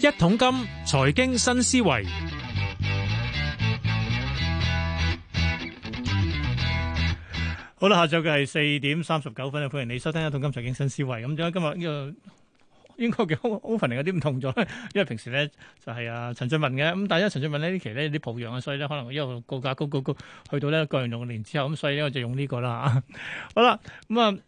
一桶金財經新思維，好啦，下晝嘅係四點三十九分啊！歡迎你收聽一桶金財經新思維。咁樣今日呢個應該嘅 opening 有啲唔同咗，因為平時咧就係啊陳俊文嘅，咁但係因為陳俊文咧呢期咧有啲抱恙啊，所以咧可能一路股價高高高，去到咧過完農曆之後，咁所以咧我就用呢個啦啊！好啦，咁啊。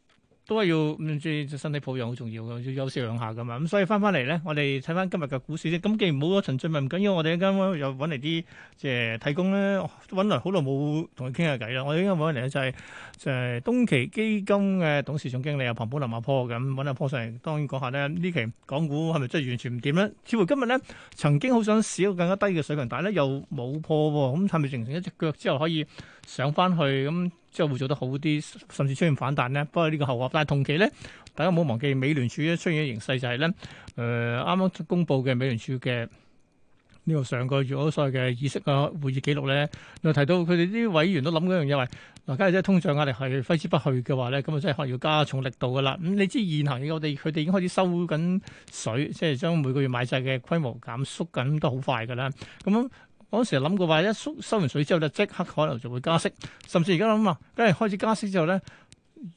都係要，即係身體保養好重要嘅，要休息兩下㗎嘛。咁所以翻翻嚟咧，我哋睇翻今日嘅股市先。咁既然冇咗陳俊文唔緊要，因為我哋而家又揾嚟啲即係替工咧，揾嚟好耐冇同佢傾下偈啦。我而家揾嚟咧就係，是，就係東旗基金嘅董事總經理阿龐寶林阿坡，咁揾阿坡上嚟，當然講下咧呢期港股係咪真係完全唔掂咧？似乎今日咧曾經好想試一個更加低嘅水平，但係咧又冇破喎。咁係咪形成一隻腳之後可以上翻去咁？即係會做得好啲，甚至出現反彈咧。不過呢個後話，但係同期咧，大家唔好忘記美聯儲咧出現嘅形勢就係、誒、咧，啱、呃、啱公布嘅美聯儲嘅呢個上個月所謂嘅議息會議記錄咧，又提到佢哋啲委員都諗緊一樣嘢，喂，嗱，假如即係通脹壓力係揮之不去嘅話咧，咁啊可能要加重力度㗎啦。咁你知現行嘅我哋佢哋已經開始收緊水，即係將每個月買債嘅規模減縮緊都，都好快㗎啦。咁。嗰時諗過話，一收完水之後就即刻可能就會加息，甚至而家諗話，跟住開始加息之後咧，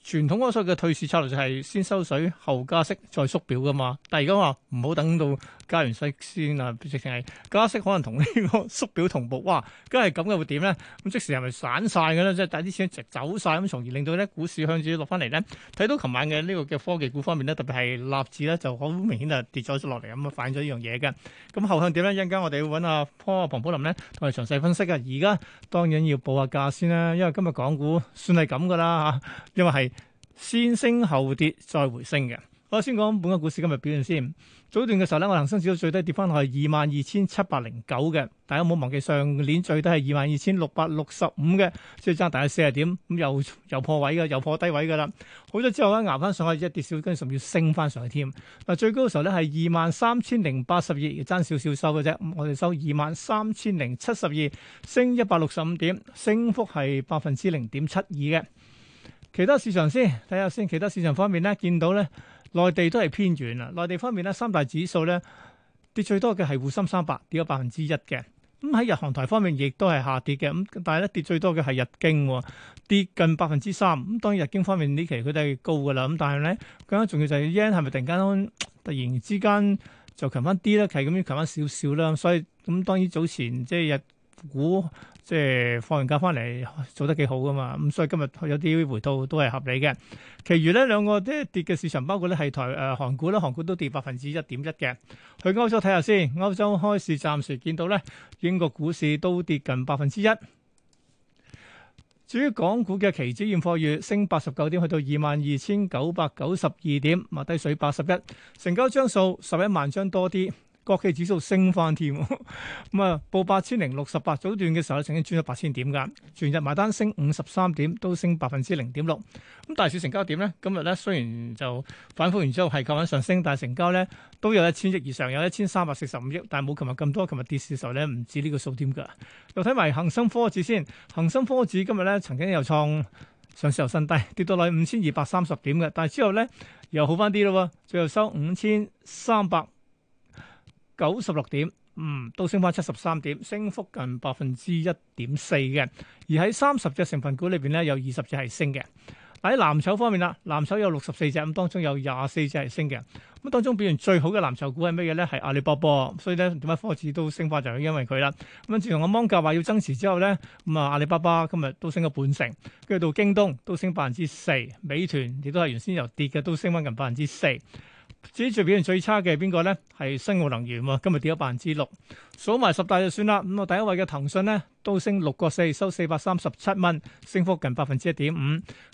傳統所謂嘅退市策略就係先收水後加息再縮表噶嘛，但係而家話唔好等到。加完息先啊，直情係加息可能同呢個縮表同步，哇！咁係咁嘅會點咧？咁即時係咪散晒嘅咧？即係帶啲錢直走晒，咁，從而令到咧股市向住落翻嚟咧。睇到琴晚嘅呢個嘅科技股方面咧，特別係納指咧就好明顯就跌咗落嚟咁啊，反映咗呢樣嘢嘅。咁後向點咧？一陣間我哋要揾阿 Paul 阿龐寶林咧同佢詳細分析嘅。而家當然要報下價先啦，因為今日港股算係咁噶啦嚇，因為係先升後跌再回升嘅。我先講本個股市今日表現先。早段嘅時候咧，我恒生指數最低跌翻落去二萬二千七百零九嘅，大家唔好忘記上年最低係二萬二千六百六十五嘅，即係爭大咗四十點，咁又又破位嘅，又破低位噶啦。好咗之後咧，捱翻上去一跌少，跟住甚至要升翻上去添。嗱，最高嘅時候咧係二萬三千零八十二而爭少少收嘅啫，我哋收二萬三千零七十二，升一百六十五點，升幅係百分之零點七二嘅。其他市場先睇下先，其他市場方面咧，見到咧。內地都係偏遠啦。內地方面咧，三大指數咧跌最多嘅係滬深三百，跌咗百分之一嘅。咁、嗯、喺日韓台方面亦都係下跌嘅。咁、嗯、但係咧跌最多嘅係日經，跌近百分之三。咁、嗯、當然日經方面佢哋係、嗯、呢期佢都係高㗎啦。咁但係咧更加重要就係 yen 係咪突然間突然之間就強翻啲咧？係咁樣強翻少少啦。所以咁、嗯、當然早前即係日股即係放完假翻嚟做得幾好噶嘛，咁所以今日有啲回吐都係合理嘅。其餘咧兩個啲跌嘅市場，包括咧係台誒韓股咧，韓股都跌百分之一點一嘅。去歐洲睇下先，歐洲開市暫時見到咧英國股市都跌近百分之一。至於港股嘅期指現貨月升八十九點，去到二萬二千九百九十二點，嘛低水八十一，成交張數十一萬張多啲。國企指數升翻添，咁啊報八千零六十八。早段嘅時候曾經轉咗八千點噶，全日埋單升五十三點，都升百分之零點六。咁大市成交點咧，今日咧雖然就反覆完之後係靠穩上升，但係成交咧都有一千億以上，有一千三百四十五億，但係冇琴日咁多。琴日跌市嘅時候咧，唔止呢個數點㗎。又睇埋恒生科指先，恒生科指今日咧曾經又創上市又新低，跌到去五千二百三十點嘅，但之後咧又好翻啲咯，最後收五千三百。九十六點，嗯，都升翻七十三點，升幅近百分之一點四嘅。而喺三十隻成分股裏邊咧，有二十隻係升嘅。喺藍籌方面啦，藍籌有六十四隻，咁當中有廿四隻係升嘅。咁當中表現最好嘅藍籌股係咩嘢咧？係阿里巴巴，所以咧點解科技都升翻就因為佢啦。咁自從阿芒格話要增持之後咧，咁啊阿里巴巴今日都升咗半成，跟住到京東都升百分之四，美團亦都係原先由跌嘅都升翻近百分之四。至於最表現最差嘅係邊個咧？係生活能源，今日跌咗百分之六。數埋十大就算啦。咁我第一位嘅騰訊咧都升六個四，收四百三十七蚊，升幅近百分之一點五。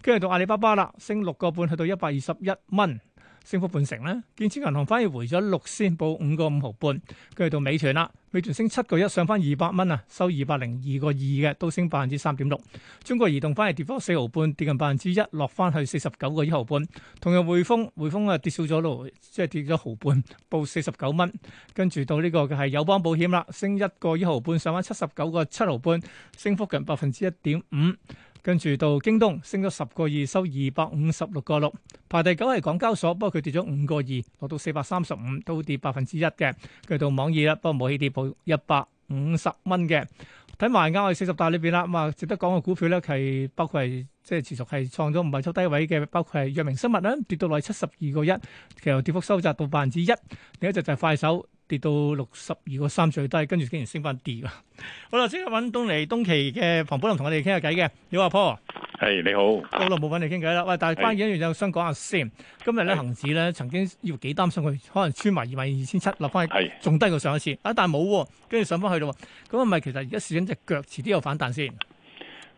跟住到阿里巴巴啦，升六個半去到一百二十一蚊。升幅半成啦。建設銀行反而回咗六仙，報五個五毫半。跟住到美團啦，美團升七個一，上翻二百蚊啊，收二百零二個二嘅，都升百分之三點六。中國移動反而跌咗四毫半，跌近百分之一，落翻去四十九個一毫半。同日匯豐，匯豐啊跌少咗咯，即係跌咗毫半，報四十九蚊。跟住到呢個嘅係友邦保險啦，升一個一毫半，上翻七十九個七毫半，升幅近百分之一點五。跟住到京東升咗十個二，收二百五十六個六，排第九係港交所，不過佢跌咗五個二，落到四百三十五，都跌百分之一嘅。跟住到網易啦，不過冇起跌，報一百五十蚊嘅。睇埋我哋四十大裏面啦，咁啊值得講嘅股票咧係包括係即係持續係創咗唔係收低位嘅，包括係藥明生物啦，跌到嚟，七十二個一，其實跌幅收窄到百分之一。另一隻就係快手。跌到六十二個三最低，跟住竟然升翻跌啊。好啦，即刻揾東嚟東期嘅龐寶林同我哋傾下偈嘅，你好啊，Paul，係你好，hey, 你好耐冇揾你傾偈啦。喂，但係關鍵 Hey. 一樣嘢我想講下先，今日咧 Hey. 恒指咧曾經要幾擔心佢，可能穿埋二萬二千七，落翻去仲低過上一次啊，但係冇，跟住上翻去咯。咁咪其實而家試緊隻腳，遲啲有反彈先。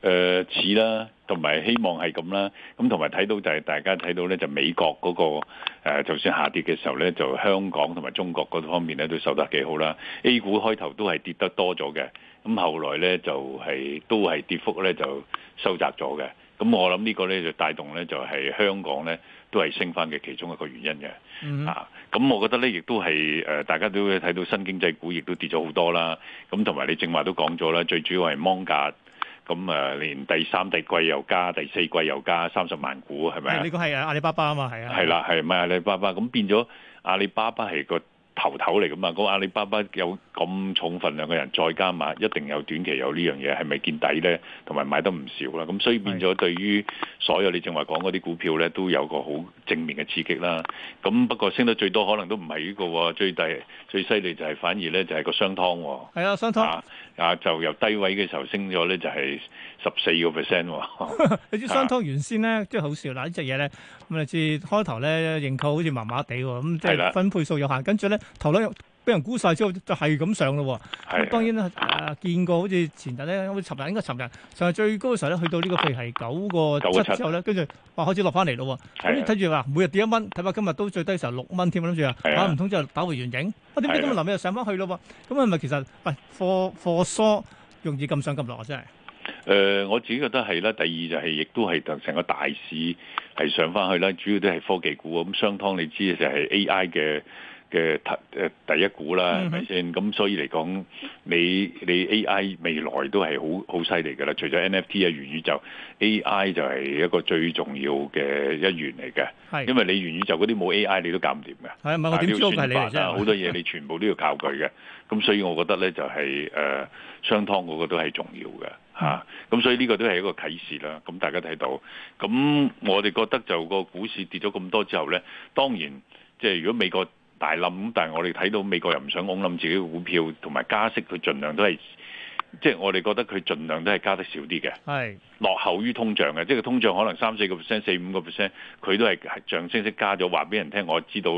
誒、呃、似啦，同埋希望係咁啦。咁同埋睇到就係大家睇到咧，就美國嗰、那個、呃、就算下跌嘅時候咧，就香港同埋中國嗰方面咧都受得幾好啦。A 股開頭都係跌得多咗嘅，咁後來咧就係、是、都係跌幅咧就收窄咗嘅。咁我諗呢個咧就帶動咧就係香港咧都係升翻嘅其中一個原因嘅。Mm hmm. 啊，咁我覺得咧亦都係誒、呃，大家都睇到新經濟股亦都跌咗好多啦。咁同埋你正話都講咗啦，最主要係芒格。咁誒、嗯，連第三季季又加，第四季又加三十萬股，係咪啊？呢個係阿里巴巴啊嘛，係啊。係啦，係咪阿里巴巴？咁變咗阿里巴巴係個。頭頭嚟噶嘛？嗰阿里巴巴有咁重份量嘅人再加碼，一定有短期有呢樣嘢，係咪見底咧？同埋買得唔少啦，咁所以變咗對於所有你正話講嗰啲股票咧，都有個好正面嘅刺激啦。咁不過升得最多可能都唔係呢個，最低，最犀利就係反而咧就係個商湯。係啊，商湯啊就由低位嘅時候升咗咧，就係十四個 percent。 你知商湯原先咧、啊、即係好少，啦呢隻嘢咧咁啊自開頭咧認購好似麻麻地喎，咁即係分配數有限，跟住咧。頭兩日俾人估晒之後，就係咁上咯喎。當然咧，誒、啊呃、見過好似前日咧，我尋日應該尋日，上日最高嘅時候咧，去到呢個幣係九個七之後咧，跟住話開始落翻嚟咯喎。咁睇住話每日跌一蚊，睇下今日都最低時候六蚊添，諗住啊，唔通就打回原形？啊，點解咁樣臨尾又上翻去咯？咁啊，咪其實喂貨貨疏容易咁上咁落啊，真係。誒，我自己覺得係啦。第二就係亦都係成個大市係上翻去啦，主要都係科技股。咁商湯你知嘅就係 A I 嘅。嘅第第一股啦，係咪先？咁所以嚟講，你你 AI 未來都係好好犀利嘅啦。除咗 NFT 啊、元宇宙，AI 就係一個最重要嘅一員嚟嘅。係是，因為你元宇宙嗰啲冇 AI 你都搞唔掂嘅。係咪我點選係、啊、你好多嘢你全部都要靠佢嘅。咁所以我覺得咧就係誒商湯嗰個都係重要嘅嚇。咁、嗯啊、所以呢個都係一個啟示啦。咁大家睇到。咁我哋覺得就個股市跌咗咁多之後咧，當然即係如果美國。大冧，但係我哋睇到美國又唔想，我諗自己的股票同埋加息，佢盡量都係，即係我哋覺得佢盡量都係加得少啲嘅。係是，落後於通脹嘅，即係通脹可能三四個 percent、四五個 percent，佢都係象徵式加咗，話俾人聽我知道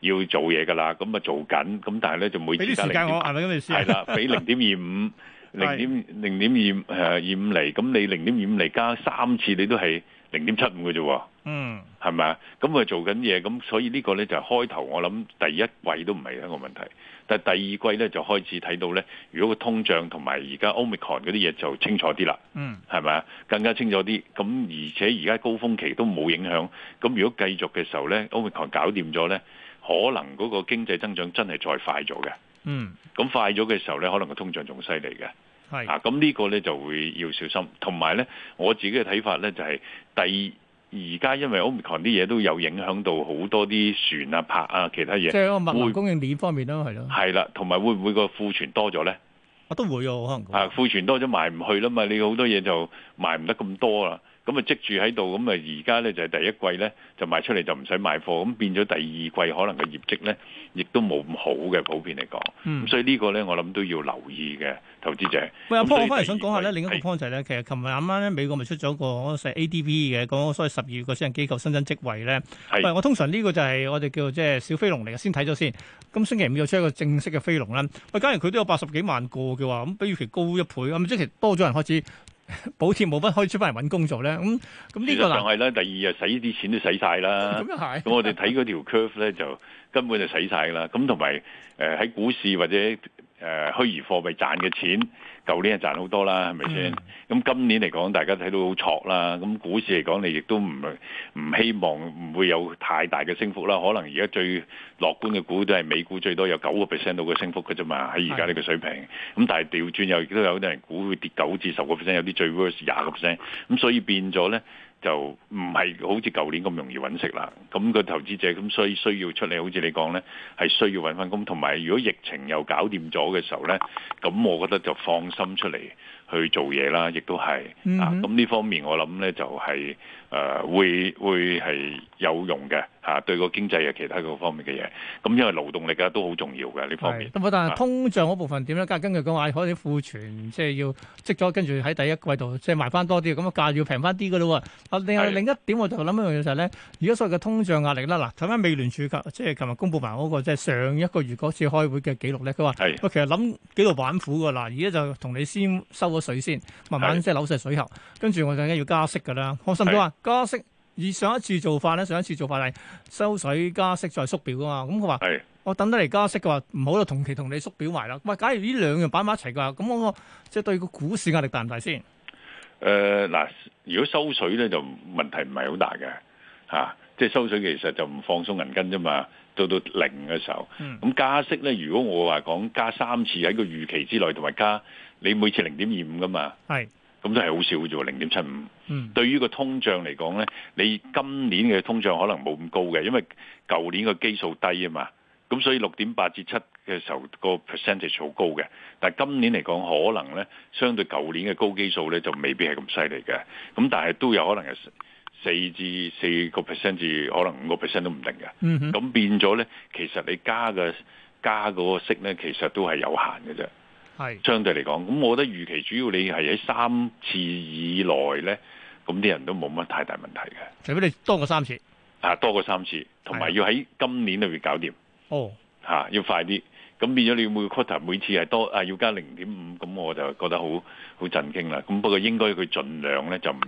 要做嘢㗎啦，咁咪做緊，咁但係咧就每次加俾啲時間我係係啦，俾零點二五、零點零點二誒二五釐，咁你零點二五釐加三次，你都係零點七五嘅啫喎。嗯，係咪啊？咁佢做緊嘢，咁所以呢個呢就係開頭，我諗第一季都唔係一個問題，但係第二季呢就開始睇到呢。如果個通脹同埋而家 Omicron 嗰啲嘢就清楚啲啦。嗯，係咪啊？更加清楚啲。咁而且而家高峰期都冇影響。咁如果繼續嘅時候呢，Omicron 搞掂咗呢，可能嗰個經濟增長真係再快咗嘅。嗯，咁快咗嘅時候呢，可能個通脹仲犀利嘅。係啊，咁呢個呢就會要小心。同埋呢，我自己嘅睇法呢就係、是、第。而家因為 Omicron 啲嘢都有影響到好多啲船啊、泊啊、其他嘢，即係個物流供應鏈方面咯，係咯會，係啦的，同埋會唔會個庫存多咗咧、啊啊？我都會喎，可能啊庫存多咗賣唔去啦嘛，你好多嘢就賣唔得咁多啦。咁啊積住喺度，咁啊而家咧就係第一季咧就賣出嚟就唔使賣貨，咁變咗第二季可能嘅業績咧亦都冇咁好嘅，普遍嚟講。咁、嗯、所以呢個咧我諗都要留意嘅投資者。喂，阿我翻嚟想講下咧的另一個 point、就係、咧，其實琴日啱啱咧美國咪出咗個成 ADP 嘅，講我所謂十二月個私人機構新增職位咧。係的。我通常呢個就係我哋叫做即係小飛龍嚟嘅，先睇咗先。咁星期五又出一個正式嘅飛龍啦。喂，假如佢都有八十幾萬個嘅話，咁比預期高一倍，咁即係多咗人開始。補貼冇乜可以出翻嚟揾工做咧，咁咁呢個就係咧，第二日使啲錢都使晒啦。咁係，咁 我哋睇嗰條 curve 咧就根本就使晒啦。咁同埋誒喺股市或者誒虛擬貨幣賺嘅錢。舊年係賺好多啦，係咪先？咁、嗯嗯、今年嚟講，大家睇到好挫啦。咁、嗯、股市嚟講，你亦都唔唔希望唔會有太大嘅升幅啦。可能而家最樂觀嘅股都係美股，最多有九個 percent 到嘅升幅嘅啫嘛。喺而家呢個水平，咁的、嗯、但係調轉又都有啲人股會跌九至十個 percent，有啲最 worst 廿個 percent。咁、嗯、所以變咗咧。就唔係好似舊年咁容易揾食啦，咁個投資者咁所以需要出嚟，好似你講咧，係需要揾翻工。同埋如果疫情又搞掂咗嘅時候咧，咁我覺得就放心出嚟去做嘢啦，亦都係啊。咁呢方面我諗咧就係。誒、呃、會會係有用嘅嚇、啊，對個經濟啊，其他個方面嘅嘢。咁、啊、因為勞動力啊都好重要嘅呢方面。咁啊，但係通脹嗰部分點咧？跟跟住講話可以庫存，即係要積咗，跟住喺第一季度即係賣翻多啲，咁個價要平翻啲嘅咯喎。啊，另外是另一點我就諗一樣嘢就係、是、咧，而家所謂嘅通脹壓力啦，嗱睇翻美聯儲近即係琴日公布埋嗰、那個即係上一個月嗰次開會嘅記錄咧，佢話係其實諗幾度板斧嘅啦。而家就同你先收咗水先，慢慢即係扭晒水喉，跟住是我陣間要加息嘅啦。我心都啊！是加息以上一次做法咧，上一次做法係收水加息再縮表噶嘛。咁佢話我等得嚟加息嘅話，唔好就同期同你縮表埋啦。喂，假如呢兩樣擺埋一齊嘅，咁我即係對個股市壓力大唔大先？誒嗱、呃，如果收水咧就問題唔係好大嘅嚇、啊，即係收水其實就唔放鬆銀根啫嘛，到到零嘅時候。咁、嗯、加息咧，如果我話講加三次喺個預期之內，同埋加你每次零點二五噶嘛。係。咁都係好少啫喎，零點七五。嗯、對於個通脹嚟講咧，你今年嘅通脹可能冇咁高嘅，因為舊年個基數低啊嘛。咁所以六點八至七嘅時候個 percentage 好高嘅，但係今年嚟講可能咧，相對舊年嘅高基數咧就未必係咁犀利嘅。咁但係都有可能係四至四個 percent 至可能五個 percent 都唔定嘅。咁、嗯、哼變咗咧，其實你加嘅加個息咧，其實都係有限嘅啫。係相對嚟講，咁我覺得預期主要你係喺三次以內咧，咁啲人都冇乜太大問題嘅。除非你多過三次，啊多過三次，同埋要喺今年裏邊搞掂。哦，吓，啊，要快啲，咁變咗你每個 quarter 每次係多啊要加零點五，咁我就覺得好好震驚啦。咁不過應該佢盡量咧就唔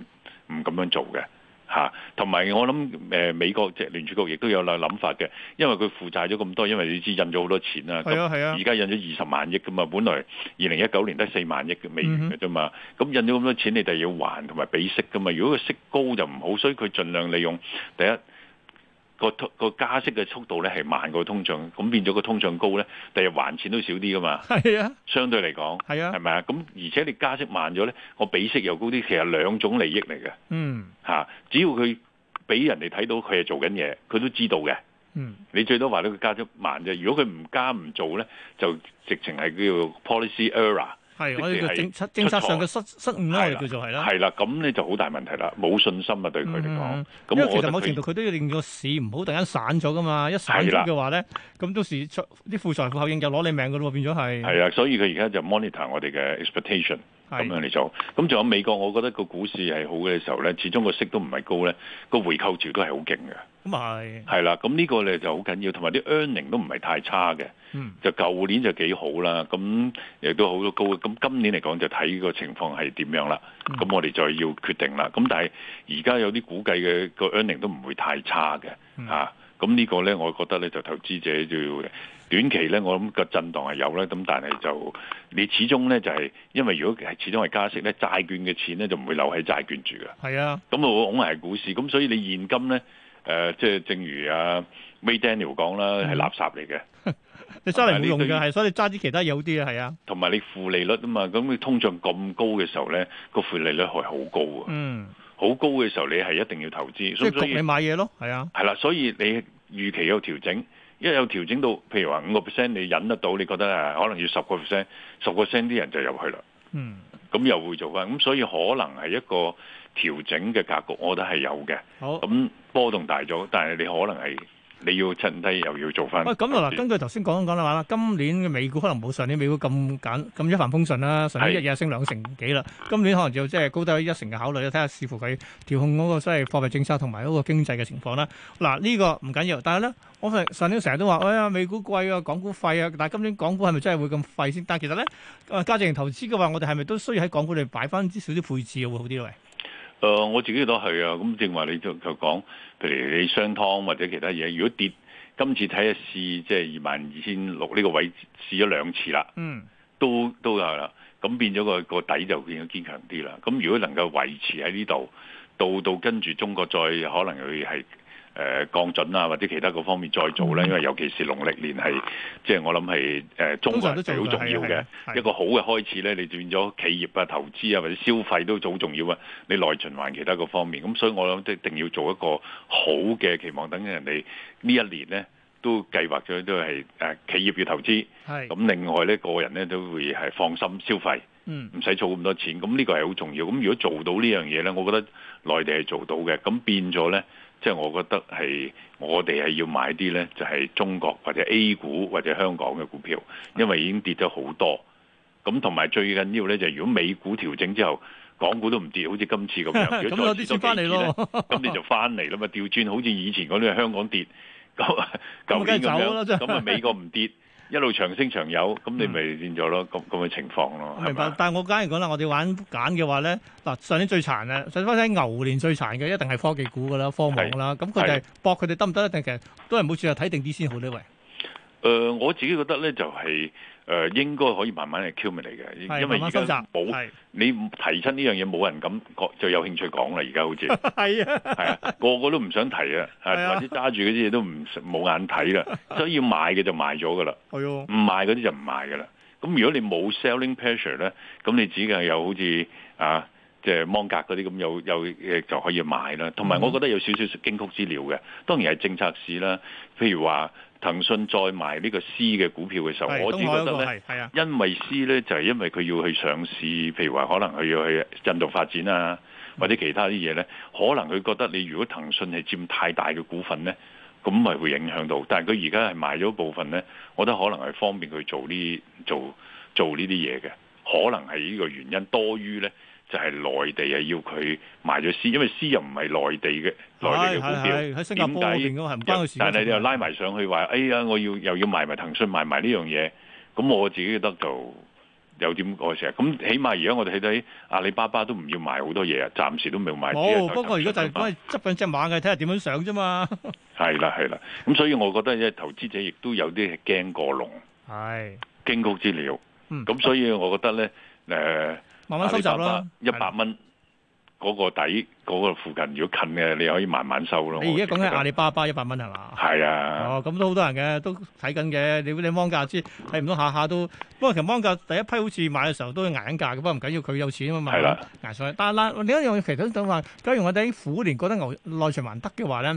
唔咁樣做嘅。嚇，同埋我諗誒美國隻聯儲局亦都有兩諗法嘅，因為佢負債咗咁多，因為你知印咗好多錢啦，咁啊啊，而家、啊、印咗二十萬億㗎嘛，本來二零一九年得四萬億嘅美元嘅啫嘛，咁、嗯、哼印咗咁多錢，你哋要還同埋俾息㗎嘛，如果佢息高就唔好，所以佢盡量利用第一。個個加息嘅速度咧係慢過通脹，咁變咗個通脹高咧，第二日還錢都少啲噶嘛。係啊，相對嚟講係啊，係咪啊？咁而且你加息慢咗咧，我比息又高啲，其實兩種利益嚟嘅。嗯，吓，只要佢俾人哋睇到佢係做緊嘢，佢都知道嘅。嗯，你最多話咧個加息慢啫，如果佢唔加唔做咧，就直情係叫 policy error。係，我哋叫政策政策上嘅失失誤啦，我哋叫做係啦。係啦，咁你就好大問題啦，冇信心啊對佢嚟講。嗯、我因為其實某程度佢都要令個市唔好突然間散咗噶嘛，一散咗嘅話咧，咁的到時出啲負財富效應就攞你命噶咯，變咗係。係啊，所以佢而家就 monitor 我哋嘅 expectation 咁的樣嚟做。咁仲有美國，我覺得個股市係好嘅時候咧，始終個息都唔係高咧，個回購潮都係好勁嘅。咁係，係啦，咁呢個咧就好緊要，同埋啲 earnings 都唔係太差嘅，嗯、就舊年就幾好啦，咁亦都好多高，咁今年嚟講就睇個情況係點樣啦，咁、嗯、我哋就要決定啦，咁但係而家有啲估計嘅個 earnings 都唔會太差嘅，吓、嗯，咁、啊、呢個咧，我覺得咧就投資者就要短期咧，我諗個震盪係有啦，咁但係就你始終咧就係、是，因為如果係始終係加息咧，債券嘅錢咧就唔會留喺債券住嘅，係啊，咁啊拱係股市，咁所以你現金咧。誒、呃，即係正如阿、啊、Ray、嗯、Daniel 講啦，係垃圾嚟嘅， 你揸嚟冇用嘅，係是所以揸啲其他嘢好啲啊，係啊。同埋你負利率啊嘛，咁你通脹咁高嘅時候咧，個負利率係好高啊。嗯，好高嘅時候你係一定要投資，所以你買嘢咯，係啊。係啦，所以你預期有調整，一有調整到，譬如話五個 percent 你忍得到，你覺得可能要十個 percent、十個 percent 啲人就入去啦。嗯，咁又會做翻，咁所以可能係一個調整嘅格局，我覺得係有嘅。好，咁波動大咗，但係你可能係你要趁低，又要做翻。咁啊、哎，根據頭先講嘅話啦，今年嘅美股可能冇上年美股咁簡咁一帆風順啦。上年一夜升兩成幾啦，的今年可能就即係高低一成嘅考慮啦。睇下視乎佢調控嗰個即係貨幣政策同埋嗰個經濟嘅情況啦。嗱，呢、這個唔緊要，但係咧，我上年成日都話哎呀，美股貴啊，港股廢啊，但係今年港股係咪真係會咁廢先？但係其實咧，啊，價值型投資嘅話，我哋係咪都需要喺港股裏擺翻少啲配置會好啲咧？誒、呃，我自己都係啊！咁正話，你就就講，譬如你商湯或者其他嘢，如果跌，今次睇下試，即係二萬二千六呢個位置試咗兩次啦，嗯，都都係啦，咁變咗個個底就變咗堅強啲啦。咁如果能夠維持喺呢度，到到跟住中國再可能佢係。誒降準啊，或者其他嗰方面再做咧，因為尤其是農曆年係，即係我諗係誒中國人係好重要嘅一個好嘅開始咧。你變咗企業啊、投資啊或者消費都好重要啊。你內循環其他嗰方面，咁所以我諗即係一定要做一個好嘅期望，等人哋呢一年咧都計劃咗都係誒企業要投資，咁另外咧個人咧都會係放心消費，唔使儲咁多錢。咁呢個係好重要。咁如果做到呢樣嘢咧，我覺得內地係做到嘅。咁變咗咧。即係我覺得係我哋係要買啲咧，就係中國或者 A 股或者香港嘅股票，因為已經跌咗好多。咁同埋最緊要咧，就係如果美股調整之後，港股都唔跌，好似今次咁樣，如果再跌翻嚟咧，咁你就翻嚟啦嘛，調轉 好似以前嗰啲係香港跌，咁舊年咁樣，咁啊美國唔跌。一路長升長有，咁你咪變咗咯，咁咁嘅情況咯，明白但係我梗係講啦，我哋玩揀嘅話咧，嗱，上年最殘啊，上翻睇牛年最殘嘅，一定係科技股噶啦，科網啦，咁佢哋博，佢哋得唔得？一定其實都係冇錯，睇定啲先好呢位，誒、呃，我自己覺得咧就係、是。誒、呃、應該可以慢慢嚟 accumulate 嘅，因為而家保慢慢你提出呢樣嘢冇人感覺就有興趣講啦，而家好似係 啊，係啊，個個都唔想提是啊，啊或者揸住嗰啲嘢都唔冇眼睇啦，所以要賣嘅就賣咗噶啦，係咯， 唔賣嗰啲就唔賣噶啦。咁如果你冇 selling pressure 咧，咁你只係又好似啊，即係芒格嗰啲咁有有誒就可以買啦。同埋我覺得有少少經曲資料嘅，當然係政策市啦，譬如話。騰訊再賣呢個私嘅股票嘅時候，是我自己覺得咧，啊、因為私咧就係、是、因為佢要去上市，譬如話，可能佢要去印度發展啊，或者其他啲嘢咧，可能佢覺得你如果騰訊係佔太大嘅股份咧，咁咪會影響到。但係佢而家係賣咗部分咧，我覺得可能係方便佢做呢做做呢啲嘢嘅，可能係呢個原因多於咧。就係內地係要佢賣咗絲，因為絲又唔係內地嘅內地嘅股票。點解？但係你又拉埋上去話，哎呀，我要又要賣埋騰訊賣埋呢樣嘢，咁我自己覺得就有點過剩。咁起碼而家我哋睇到阿里巴巴都唔要賣好多嘢啊，暫時都未賣。冇，不過如果就係講執緊隻馬嘅，睇下點樣上啫嘛。係啦，係啦。咁所以我覺得咧，投資者亦都有啲驚過龍，係的驚弓之鳥。咁、嗯、所以我覺得咧，誒、呃。慢慢收集啦，巴巴一百蚊嗰的個底，嗰、那個附近如果近嘅，你可以慢慢收咯。你而家講緊阿里巴巴一百蚊係嘛？係啊的。哦的，咁都好多人嘅，都睇緊嘅。你你芒格知睇唔到下下都，不過其實芒格第一批好似買嘅時候都捱緊價嘅，不過唔緊要，佢有錢啊嘛。係啦的，捱上去，但係啦，另一樣其他嘅想法，假如我哋虎年覺得牛內存還得嘅話咧，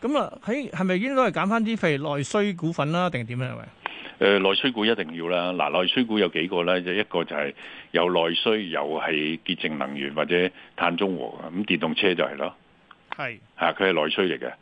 咁啊喺係咪應該都係減翻啲譬如內需股份啦，定係點樣咧，係咪？誒、呃，內需股一定要啦。嗱，內需股有幾個咧？就一個就係有內需，又係潔淨能源或者碳中和咁、嗯、電動車就係咯，係嚇佢係內需嚟嘅。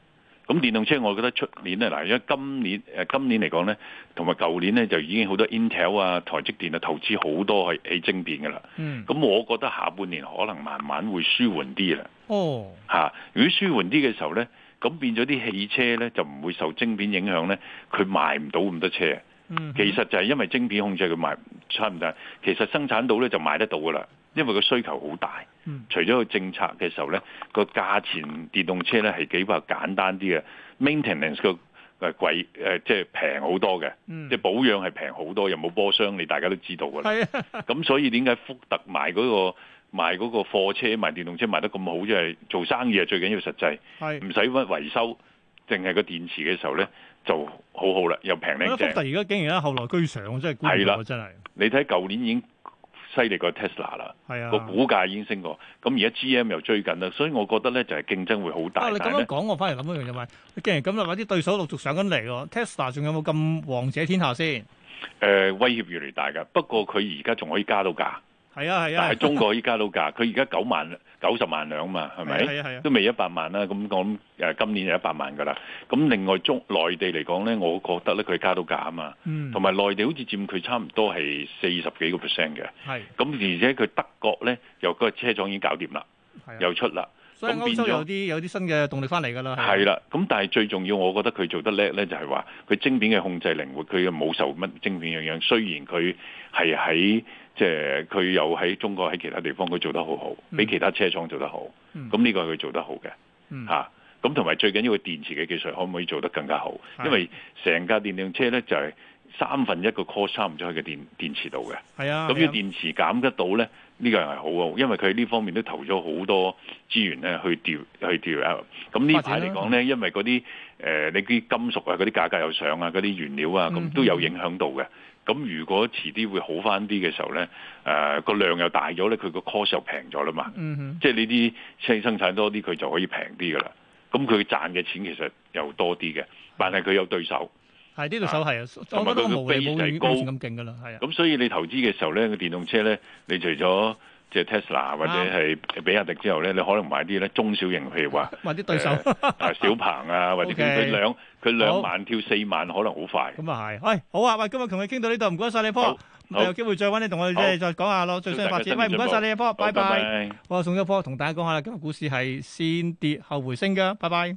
咁電動車，我覺得出年咧，嗱，因為今年、呃、今年嚟講咧，同埋舊年咧就已經好多 Intel 啊、台積電啊投資好多係起晶片㗎啦。嗯，咁、啊、我覺得下半年可能慢慢會舒緩啲啦。哦，嚇、啊！如果舒緩啲嘅時候咧，咁變咗啲汽車咧就唔會受晶片影響咧，佢賣唔到咁多車。嗯、其實就係因為晶片控制佢賣差唔多，其實生產到咧就賣得到噶啦，因為個需求好大。除咗個政策嘅時候咧，個價錢電動車咧係幾百簡單啲嘅，maintenance 個誒貴誒即係平好多嘅，即係保養係平好多，又冇波箱，你大家都知道噶啦。咁是、啊、所以點解福特賣嗰、那個賣嗰個貨車賣電動車賣得咁好，即、就、係、是、做生意啊最緊要實際，唔使乜維修，淨係個電池嘅時候咧。就好好啦，又平靚福特而家竟然咧後來居上，真係估唸我真係。了真的你睇舊年已經犀利過 Tesla 啦，個、啊、股價已經升過。咁而家 GM 又追緊啦，所以我覺得咧就係競爭會好大。啊，你咁樣講，我反而諗一樣嘢，咪竟然咁啊，啲對手陸續上緊嚟喎。Tesla 仲有冇咁王者天下先？誒、呃，威脅越嚟越大㗎。不過佢而家仲可以加到價。係啊係啊，但係中國依家都加價，佢而家九萬九十萬輛嘛，係咪？係啊係啊，都未一百萬啦，咁講，誒今年就一百萬㗎啦。咁另外中內地嚟講咧，我覺得咧佢加到價啊嘛，同埋內地好似佔佢差唔多係四十幾個 percent 嘅。係，咁而且佢德國咧又個車廠已經搞掂啦，又出啦。咁變咗了有啲有啲新嘅動力翻嚟㗎啦。係啦、嗯，咁但係最重要，我覺得佢做得叻咧，就係話佢晶片嘅控制靈活，佢又冇受乜晶片的樣樣。雖然佢係喺即係佢又喺中國喺其他地方，佢做得好好，嗯、比其他車廠做得好。咁呢、嗯嗯、個係佢做得好嘅嚇。咁同埋最緊要個電池嘅技術可唔可以做得更加好？的因為成架電動車咧就係三分一個 cost 差唔多嘅電電池度嘅。係啊，咁要電池減得到咧。呢個人係好啊，因為佢喺呢方面都投咗好多資源咧，去調去調 o 咁呢排嚟講咧，因為嗰啲誒你啲金屬啊、嗰啲價格又上啊、嗰啲原料啊，咁都有影響到嘅。咁、嗯、哼如果遲啲會好返啲嘅時候咧，誒、呃、個量又大咗咧，佢個 cost 又平咗啦嘛。嗯哼即係呢啲生生產多啲，佢就可以平啲嘅啦。咁佢賺嘅錢其實又多啲嘅，但係佢有對手。係呢度手係，同埋佢個無釐無遠咁勁噶啦，係啊。咁所以你投資嘅時候咧，個電動車咧，你除咗即係 Tesla 或者係比亞迪之後咧，你可能買啲咧中小型，譬如話買啲對手，啊小鵬啊，或者佢兩佢兩萬跳四萬，可能好快。咁啊係，喂，好啊，喂，今日同你傾到呢度，唔該曬你波，有機會再揾你同我哋即係再講下咯，最新嘅發展。唔該曬你啊波，拜拜。我宋一波同大家講下啦，今日股市係先跌後回升噶，拜拜。